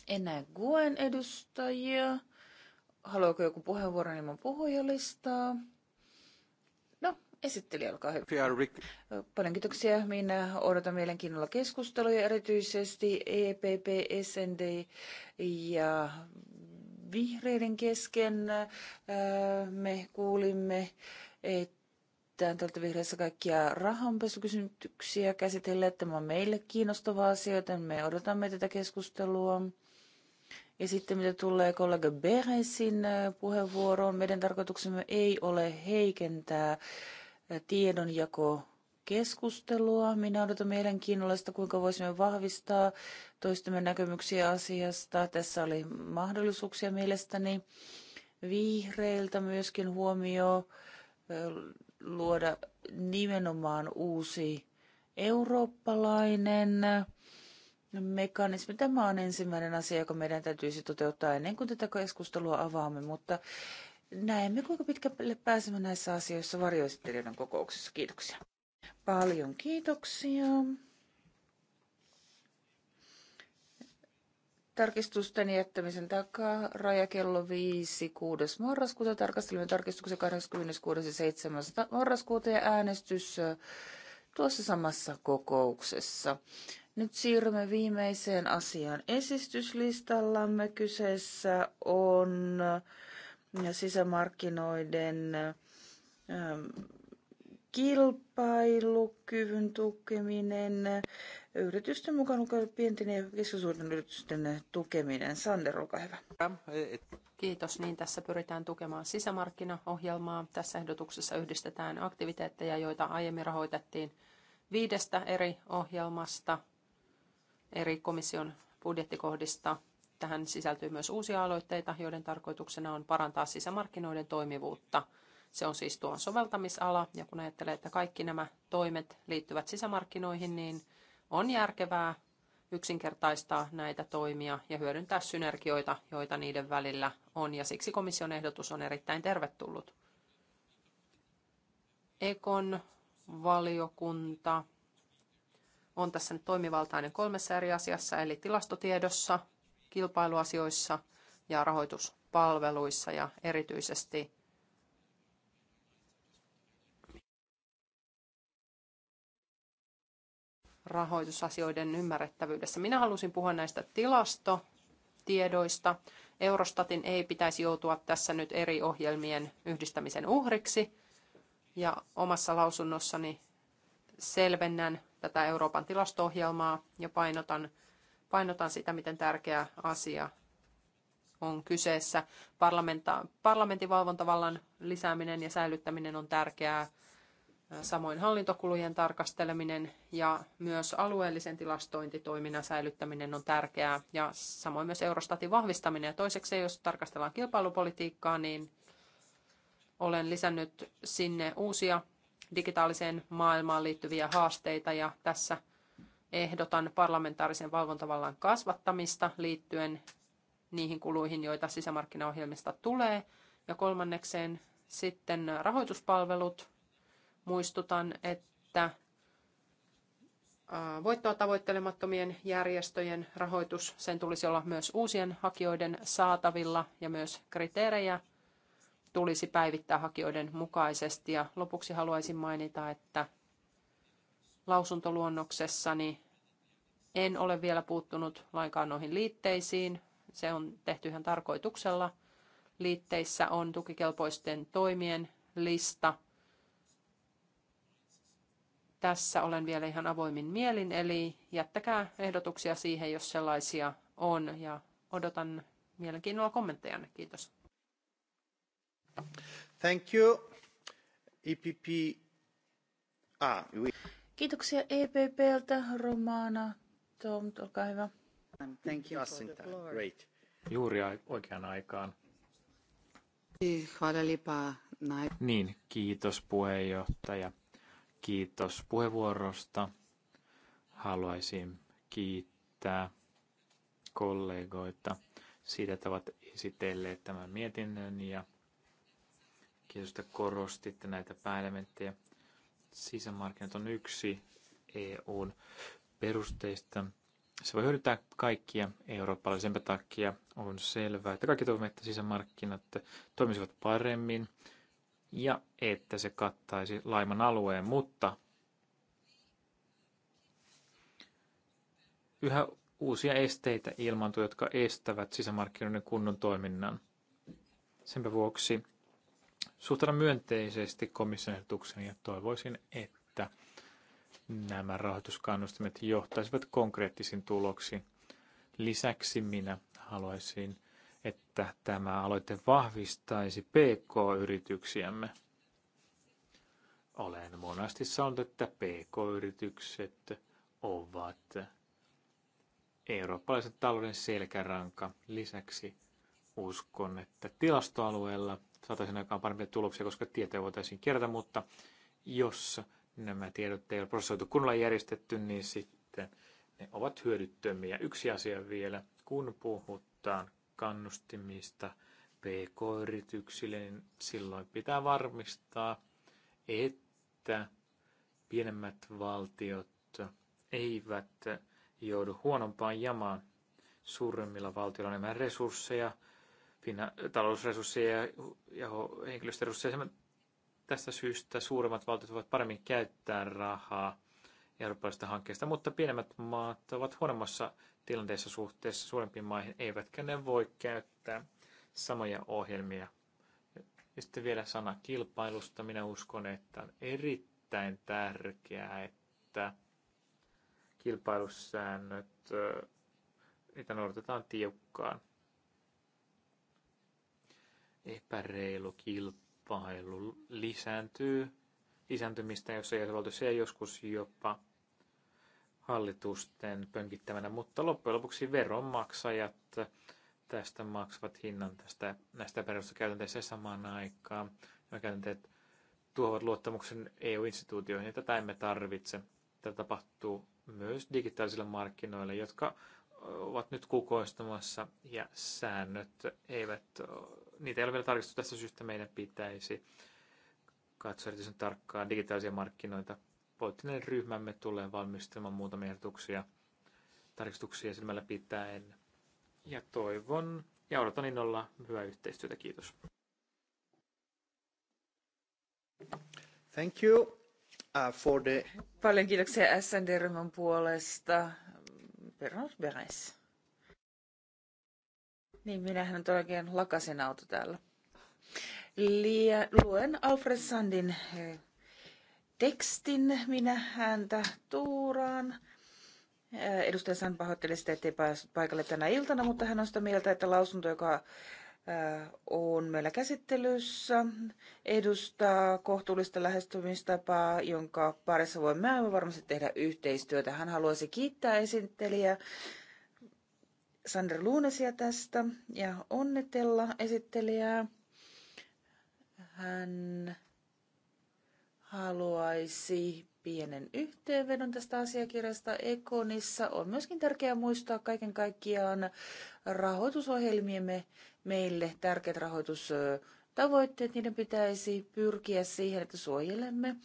Enää Guen edustajia. Haluaako joku puheenvuoron ilman puhujalistaa? No, esitteli, olkaa hyvä. Paljon kiitoksia. Minä odotan mielenkiinnolla keskusteluja, erityisesti EPP, SND ja vihreiden kesken. Äh, me kuulimme että tältä vihreässä kaikkia rahanpesukysymyksiä että Tämä on meille kiinnostava asia, joten me odotamme tätä keskustelua. Ja sitten mitä tulee kollega Beresin äh, puheenvuoroon, meidän tarkoituksemme ei ole heikentää äh, tiedonjako keskustelua. Minä odotan mielenkiinnollista kuinka voisimme vahvistaa toistemme näkemyksiä asiasta. Tässä oli mahdollisuuksia mielestäni vihreiltä myöskin huomio luoda nimenomaan uusi eurooppalainen mekanismi. Tämä on ensimmäinen asia, joka meidän täytyisi toteuttaa ennen kuin tätä keskustelua avaamme, mutta näemme, kuinka pitkälle pääsemme näissä asioissa varjoisittelijoiden kokouksessa. Kiitoksia. Paljon kiitoksia. Tarkistusten jättämisen takaa raja kello 5, 6. marraskuuta. Tarkastelemme tarkistuksen 86. ja 7. marraskuuta ja äänestys tuossa samassa kokouksessa. Nyt siirrymme viimeiseen asiaan esityslistallamme. Kyseessä on sisämarkkinoiden ähm, kilpailukyvyn tukeminen, yritysten mukaan lukien pienten ja keskisuurten yritysten tukeminen. Sander, olkaa hyvä. Kiitos. Niin tässä pyritään tukemaan sisämarkkinaohjelmaa. Tässä ehdotuksessa yhdistetään aktiviteetteja, joita aiemmin rahoitettiin viidestä eri ohjelmasta, eri komission budjettikohdista. Tähän sisältyy myös uusia aloitteita, joiden tarkoituksena on parantaa sisämarkkinoiden toimivuutta – se on siis tuo soveltamisala, ja kun ajattelee, että kaikki nämä toimet liittyvät sisämarkkinoihin, niin on järkevää yksinkertaistaa näitä toimia ja hyödyntää synergioita, joita niiden välillä on, ja siksi komission ehdotus on erittäin tervetullut. Ekon valiokunta on tässä nyt toimivaltainen kolmessa eri asiassa, eli tilastotiedossa, kilpailuasioissa ja rahoituspalveluissa, ja erityisesti rahoitusasioiden ymmärrettävyydessä. Minä halusin puhua näistä tilastotiedoista. Eurostatin ei pitäisi joutua tässä nyt eri ohjelmien yhdistämisen uhriksi. Ja omassa lausunnossani selvennän tätä Euroopan tilastoohjelmaa ja painotan, painotan sitä, miten tärkeä asia on kyseessä. Parlamentin valvontavallan lisääminen ja säilyttäminen on tärkeää samoin hallintokulujen tarkasteleminen ja myös alueellisen tilastointitoiminnan säilyttäminen on tärkeää ja samoin myös Eurostatin vahvistaminen. Ja toiseksi, jos tarkastellaan kilpailupolitiikkaa, niin olen lisännyt sinne uusia digitaaliseen maailmaan liittyviä haasteita ja tässä ehdotan parlamentaarisen valvontavallan kasvattamista liittyen niihin kuluihin, joita sisämarkkinaohjelmista tulee. Ja kolmannekseen sitten rahoituspalvelut – Muistutan, että voittoa tavoittelemattomien järjestöjen rahoitus, sen tulisi olla myös uusien hakijoiden saatavilla ja myös kriteerejä tulisi päivittää hakijoiden mukaisesti. Ja lopuksi haluaisin mainita, että lausuntoluonnoksessani en ole vielä puuttunut lainkaan noihin liitteisiin. Se on tehty ihan tarkoituksella. Liitteissä on tukikelpoisten toimien lista – tässä olen vielä ihan avoimin mielin, eli jättäkää ehdotuksia siihen, jos sellaisia on, ja odotan mielenkiinnolla kommentteja. Kiitos. Thank you. EPP. Ah, we... Kiitoksia EPPltä, Romana. Tom, olkaa hyvä. Thank you for the floor. Great. Juuri oikeaan aikaan. Niin, kiitos puheenjohtaja. Kiitos puheenvuorosta. Haluaisin kiittää kollegoita siitä, että ovat esitelleet tämän mietinnön ja kiitos, että korostitte näitä pääelementtejä. Sisämarkkinat on yksi EUn perusteista. Se voi hyödyttää kaikkia eurooppalaisen takia. On selvää, että kaikki toivomme, että sisämarkkinat toimisivat paremmin ja että se kattaisi laiman alueen, mutta yhä uusia esteitä ilmaantuu, jotka estävät sisämarkkinoiden kunnon toiminnan. Senpä vuoksi suhtaudun myönteisesti komission ehdotuksen ja toivoisin, että nämä rahoituskannustimet johtaisivat konkreettisiin tuloksiin. Lisäksi minä haluaisin että tämä aloite vahvistaisi PK-yrityksiämme. Olen monasti sanonut, että PK-yritykset ovat eurooppalaisen talouden selkäranka. Lisäksi uskon, että tilastoalueella saataisiin aikaan parempia tuloksia, koska tietoja voitaisiin kerätä, mutta jos nämä tiedot ei ole prosessoitu kunnolla järjestetty, niin sitten ne ovat hyödyttömiä. Yksi asia vielä, kun puhutaan kannustimista PK-yrityksille, niin silloin pitää varmistaa, että pienemmät valtiot eivät joudu huonompaan jamaan. Suuremmilla valtioilla on enemmän resursseja, talousresursseja ja henkilöstöresursseja. Tästä syystä suuremmat valtiot voivat paremmin käyttää rahaa eurooppalaisista hankkeista, mutta pienemmät maat ovat huonommassa tilanteessa suhteessa suurempiin maihin, eivätkä ne voi käyttää samoja ohjelmia. Ja sitten vielä sana kilpailusta. Minä uskon, että on erittäin tärkeää, että kilpailussäännöt, niitä noudatetaan tiukkaan. Epäreilu kilpailu lisääntyy lisääntymistä, jos ei se ei joskus jopa hallitusten pönkittämänä, mutta loppujen lopuksi veronmaksajat tästä maksavat hinnan tästä, näistä perustuskäytänteistä samaan aikaan. Nämä käytänteet tuovat luottamuksen EU-instituutioihin, ja tätä emme tarvitse. Tätä tapahtuu myös digitaalisilla markkinoilla, jotka ovat nyt kukoistumassa ja säännöt eivät, niitä ei ole vielä tarkistettu tästä syystä meidän pitäisi katsoa erityisen tarkkaan digitaalisia markkinoita poliittinen ryhmämme tulee valmistelemaan muutamia ehdotuksia tarkistuksia silmällä pitäen. Ja toivon ja odotan innolla hyvää yhteistyötä. Kiitos. Thank you uh, for the... Paljon kiitoksia SND-ryhmän puolesta. Bernard Beres. Niin, minähän on oikein lakasin auto täällä. Lia, luen Alfred Sandin eh, tekstin. Minä häntä tuuraan. Edustaja San pahoitteli sitä, ettei paikalle tänä iltana, mutta hän on sitä mieltä, että lausunto, joka on meillä käsittelyssä, edustaa kohtuullista lähestymistapaa, jonka parissa voimme aivan varmasti tehdä yhteistyötä. Hän haluaisi kiittää esittelijä Sander Luunesia tästä ja onnitella esittelijää. Hän haluaisi pienen yhteenvedon tästä asiakirjasta Ekonissa. On myöskin tärkeää muistaa kaiken kaikkiaan rahoitusohjelmiemme meille tärkeät rahoitustavoitteet. Niiden pitäisi pyrkiä siihen, että suojelemme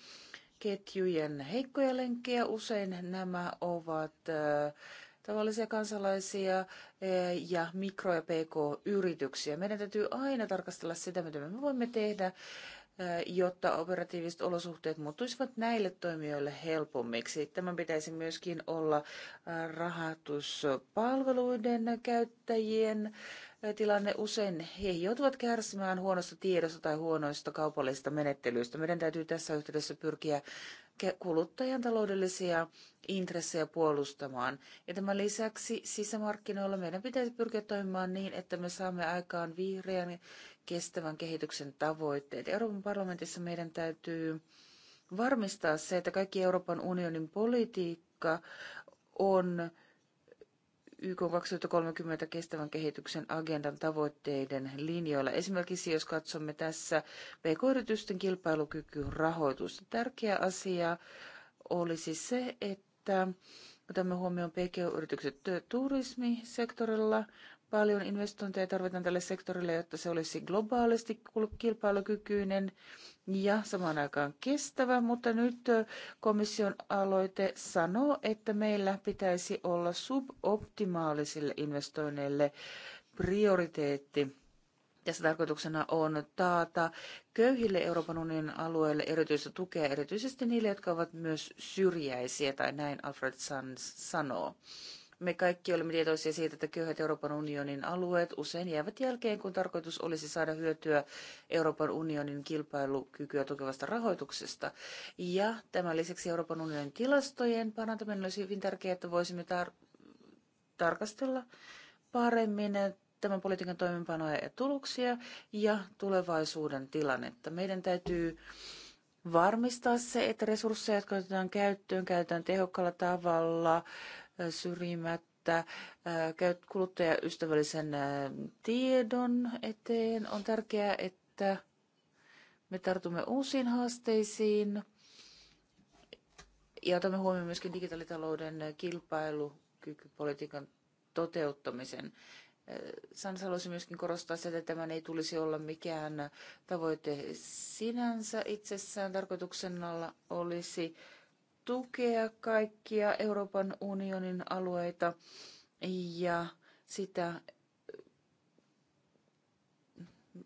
ketjujen heikkoja lenkkejä. Usein nämä ovat äh, tavallisia kansalaisia eh, ja mikro- ja pk-yrityksiä. Meidän täytyy aina tarkastella sitä, mitä me voimme tehdä, eh, jotta operatiiviset olosuhteet muuttuisivat näille toimijoille helpommiksi. Tämän pitäisi myöskin olla eh, rahoituspalveluiden käyttäjien tilanne usein he joutuvat kärsimään huonosta tiedosta tai huonoista kaupallisista menettelyistä. Meidän täytyy tässä yhteydessä pyrkiä kuluttajan taloudellisia intressejä puolustamaan. Ja tämän lisäksi sisämarkkinoilla meidän pitäisi pyrkiä toimimaan niin, että me saamme aikaan vihreän kestävän kehityksen tavoitteet. Euroopan parlamentissa meidän täytyy varmistaa se, että kaikki Euroopan unionin politiikka on YK 2030 kestävän kehityksen agendan tavoitteiden linjoilla. Esimerkiksi jos katsomme tässä PK-yritysten rahoitus. Tärkeä asia olisi se, että otamme huomioon PK-yritykset turismisektorilla, Paljon investointeja tarvitaan tälle sektorille, jotta se olisi globaalisti kilpailukykyinen ja samaan aikaan kestävä, mutta nyt komission aloite sanoo, että meillä pitäisi olla suboptimaalisille investoinneille prioriteetti. Tässä tarkoituksena on taata köyhille Euroopan unionin alueille erityistä tukea, erityisesti niille, jotka ovat myös syrjäisiä, tai näin Alfred Sands sanoo. Me kaikki olemme tietoisia siitä, että köyhät Euroopan unionin alueet usein jäävät jälkeen, kun tarkoitus olisi saada hyötyä Euroopan unionin kilpailukykyä tukevasta rahoituksesta. Ja tämän lisäksi Euroopan unionin tilastojen parantaminen olisi hyvin tärkeää, että voisimme tar- tarkastella paremmin tämän politiikan toimenpanoja ja tuloksia ja tulevaisuuden tilannetta. Meidän täytyy varmistaa se, että resursseja, jotka otetaan käyttöön, käytetään tehokkaalla tavalla syrjimättä kuluttajaystävällisen tiedon eteen. On tärkeää, että me tartumme uusiin haasteisiin ja otamme huomioon myöskin digitaalitalouden kilpailukykypolitiikan toteuttamisen. Sansa haluaisin myöskin korostaa sitä, että tämän ei tulisi olla mikään tavoite sinänsä itsessään. Tarkoituksena olisi tukea kaikkia Euroopan unionin alueita ja sitä,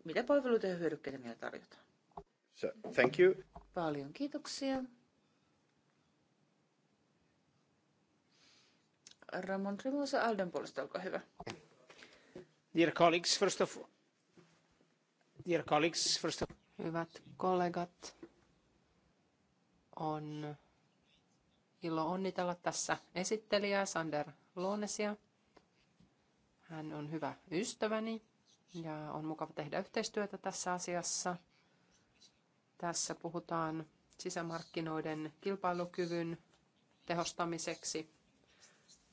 mitä palveluita ja hyödykkeitä niillä tarjotaan. So, thank you. Paljon kiitoksia. Ramon Trimosa Alden puolesta, olkaa hyvä. Dear colleagues, first of... Dear colleagues, first of... Hyvät kollegat, on ilo onnitella tässä esittelijää Sander Loonesia. Hän on hyvä ystäväni ja on mukava tehdä yhteistyötä tässä asiassa. Tässä puhutaan sisämarkkinoiden kilpailukyvyn tehostamiseksi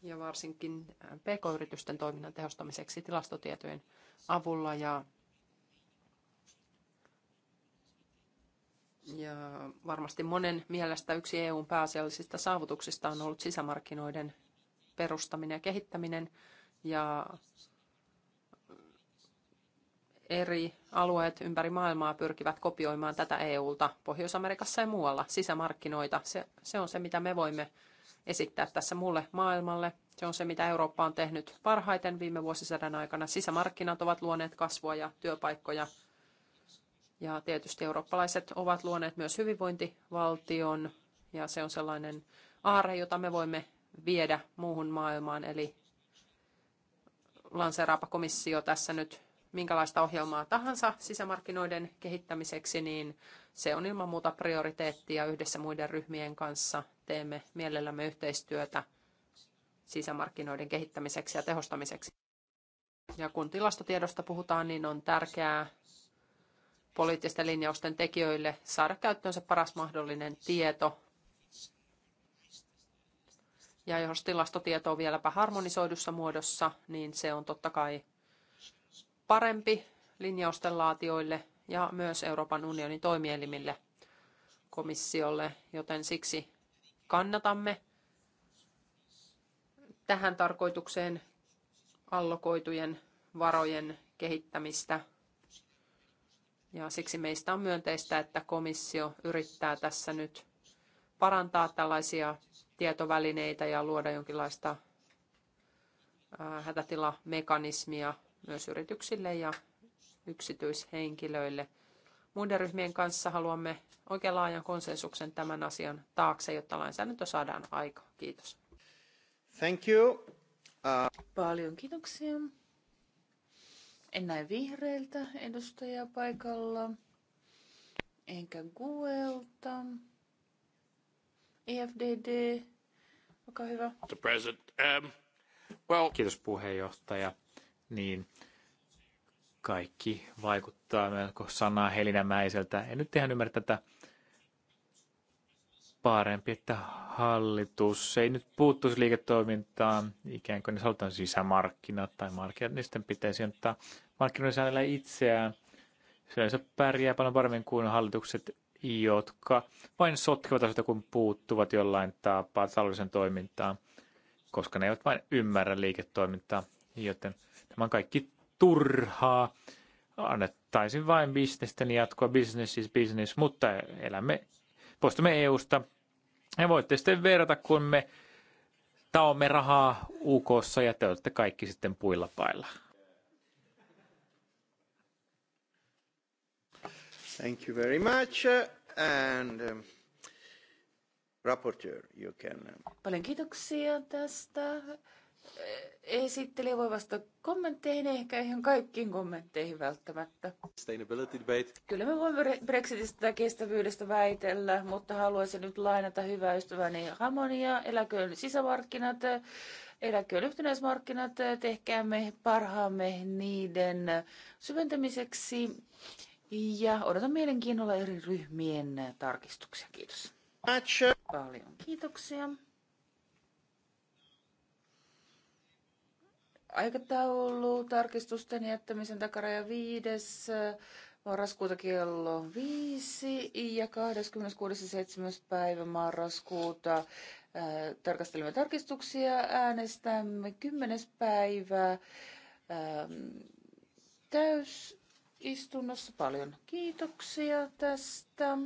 ja varsinkin pk-yritysten toiminnan tehostamiseksi tilastotietojen avulla ja Ja varmasti monen mielestä yksi EUn pääasiallisista saavutuksista on ollut sisämarkkinoiden perustaminen ja kehittäminen. Ja eri alueet ympäri maailmaa pyrkivät kopioimaan tätä EUlta Pohjois-Amerikassa ja muualla sisämarkkinoita. Se, se on se, mitä me voimme esittää tässä muulle maailmalle. Se on se, mitä Eurooppa on tehnyt parhaiten viime vuosisadan aikana. Sisämarkkinat ovat luoneet kasvua ja työpaikkoja ja tietysti eurooppalaiset ovat luoneet myös hyvinvointivaltion ja se on sellainen aare, jota me voimme viedä muuhun maailmaan. Eli lanseeraapa komissio tässä nyt minkälaista ohjelmaa tahansa sisämarkkinoiden kehittämiseksi, niin se on ilman muuta prioriteetti ja yhdessä muiden ryhmien kanssa teemme mielellämme yhteistyötä sisämarkkinoiden kehittämiseksi ja tehostamiseksi. Ja kun tilastotiedosta puhutaan, niin on tärkeää poliittisten linjausten tekijöille saada käyttöönsä paras mahdollinen tieto. Ja jos tilastotieto on vieläpä harmonisoidussa muodossa, niin se on totta kai parempi linjausten laatioille ja myös Euroopan unionin toimielimille komissiolle, joten siksi kannatamme tähän tarkoitukseen allokoitujen varojen kehittämistä – ja siksi meistä on myönteistä, että komissio yrittää tässä nyt parantaa tällaisia tietovälineitä ja luoda jonkinlaista hätätilamekanismia myös yrityksille ja yksityishenkilöille. Muiden ryhmien kanssa haluamme oikein laajan konsensuksen tämän asian taakse, jotta lainsäädäntö saadaan aikaan. Kiitos. Thank you. Uh... Paljon kiitoksia. En näe vihreiltä edustajaa paikalla, enkä Guelta. EFDD, olkaa hyvä. The president. Um, well... Kiitos puheenjohtaja. Niin, kaikki vaikuttaa melko sanaa helinämäiseltä. En nyt ihan ymmärrä tätä parempi, että hallitus ei nyt puuttuisi liiketoimintaan, ikään kuin ne sanotaan sisämarkkinat tai markkinat, niin sitten pitäisi antaa markkinoiden säännellä itseään. Sillä se pärjää paljon paremmin kuin hallitukset, jotka vain sotkevat asioita, kun puuttuvat jollain tapaa taloudellisen toimintaan, koska ne eivät vain ymmärrä liiketoimintaa, joten tämä on kaikki turhaa. Annettaisiin vain bisnesten jatkoa, business is business, mutta elämme poistumme EUsta. Ja voitte sitten verrata, kun me taomme rahaa uk ja te olette kaikki sitten puilla pailla. Thank you very much. And um, rapporteur, you can... Uh, Paljon kiitoksia tästä esittelijä voi vastata kommentteihin, ehkä ihan kaikkiin kommentteihin välttämättä. Sustainability debate. Kyllä me voimme Brexitistä tai kestävyydestä väitellä, mutta haluaisin nyt lainata hyvää ystäväni Hamonia, eläköön sisämarkkinat, eläköön yhtenäismarkkinat, tehkäämme parhaamme niiden syventämiseksi ja odotan mielenkiinnolla eri ryhmien tarkistuksia. Kiitos. Paljon kiitoksia. aikataulu tarkistusten jättämisen takaraja viides eh, marraskuuta kello 5 ja 26.7. päivä marraskuuta eh, tarkastelemme tarkistuksia, äänestämme 10. päivää eh, täysistunnossa. Paljon kiitoksia tästä,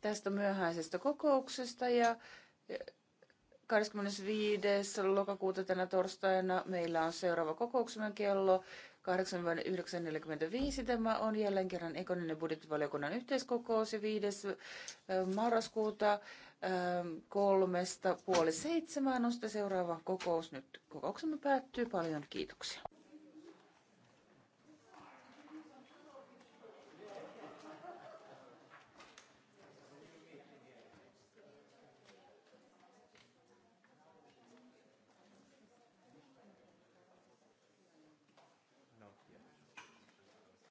tästä myöhäisestä kokouksesta ja 25. lokakuuta tänä torstaina meillä on seuraava kokouksemme kello 8.9.45. Tämä on jälleen kerran ekoninen ja budjettivaliokunnan yhteiskokous ja 5. marraskuuta kolmesta puoli seitsemään on sitten seuraava kokous. Nyt kokouksemme päättyy. Paljon kiitoksia.